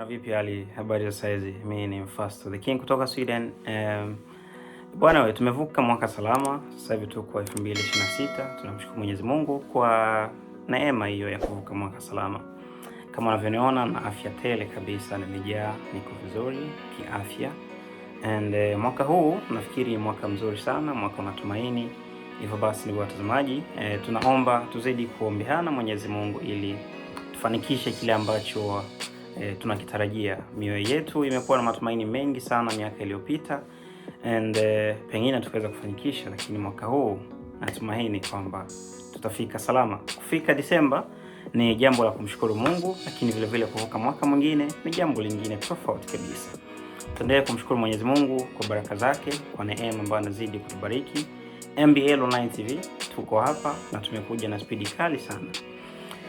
Bwana, vipi hali, habari za saizi? Mimi ni Mfasto the King kutoka Sweden. Um, bwana we, tumevuka mwaka salama, sasa hivi tuko 2026. Tunamshukuru Mwenyezi Mungu kwa neema hiyo ya kuvuka mwaka salama. Kama unavyoniona na afya tele kabisa, nimejaa, niko vizuri kiafya and uh, mwaka huu nafikiri mwaka mzuri sana, mwaka wa matumaini. Hivyo basi, ndugu watazamaji, uh, tunaomba tuzidi kuombeana Mwenyezi Mungu ili tufanikishe kile ambacho e, tunakitarajia. Mioyo yetu imekuwa na matumaini mengi sana miaka iliyopita and e, pengine tukaweza kufanikisha, lakini mwaka huu natumaini kwamba tutafika salama. Kufika Disemba ni jambo la kumshukuru Mungu, lakini vile vile kuvuka mwaka mwingine ni jambo lingine tofauti kabisa. Tuendelee kumshukuru Mwenyezi Mungu kwa baraka zake, kwa neema ambayo anazidi kutubariki. MBL Online TV tuko hapa na tumekuja na spidi kali sana.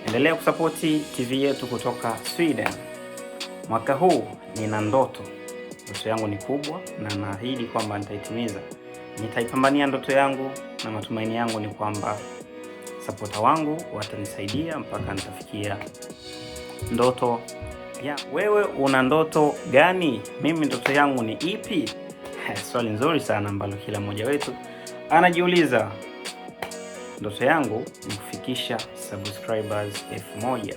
Endelea kusapoti TV yetu kutoka Sweden. Mwaka huu nina ndoto, ndoto yangu ni kubwa na naahidi kwamba nitaitimiza. Nitaipambania ndoto yangu na matumaini yangu ni kwamba sapota wangu watanisaidia mpaka nitafikia ndoto ya. Wewe una ndoto gani? Mimi ndoto yangu ni ipi? Swali nzuri sana ambalo kila mmoja wetu anajiuliza. Ndoto yangu ni kufikisha subscribers elfu moja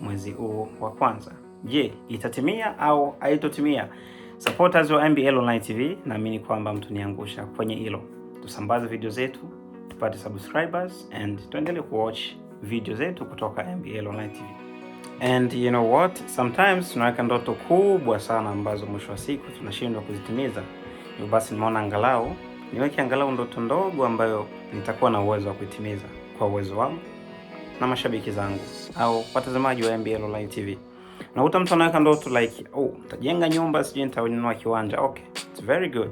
mwezi huu wa kwanza. Je, itatimia au haitotimia? Supporters wa MBL Online TV, naamini kwamba mtuniangusha kwenye hilo. Tusambaze video zetu tupate subscribers and tuendelee kuwatch video zetu kutoka MBL Online TV. And you know what, sometimes tunaweka ndoto kubwa sana ambazo mwisho wa siku tunashindwa kuzitimiza. Hivyo basi nimeona angalau niweke angalau ndoto ndogo ambayo nitakuwa na uwezo wa kuitimiza kwa uwezo wangu na mashabiki zangu au watazamaji wa MBL Online TV. Unakuta mtu anaweka ndoto like oh, nitajenga nyumba, sijui nitanunua kiwanja. Okay, it's very good,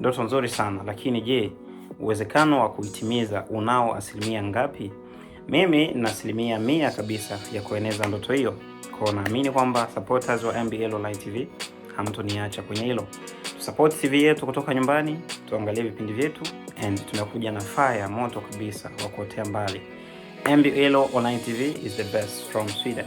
ndoto nzuri sana, lakini je, uwezekano wa kuitimiza unao asilimia ngapi? Mimi na asilimia mia kabisa ya kueneza ndoto hiyo. Kwa naamini kwamba supporters wa MBL Online TV hamtoniacha kwenye hilo. Support TV yetu kutoka nyumbani, tuangalie vipindi vyetu and tunakuja na fire moto kabisa wa kuotea mbali. MBL Online TV is the best from Sweden.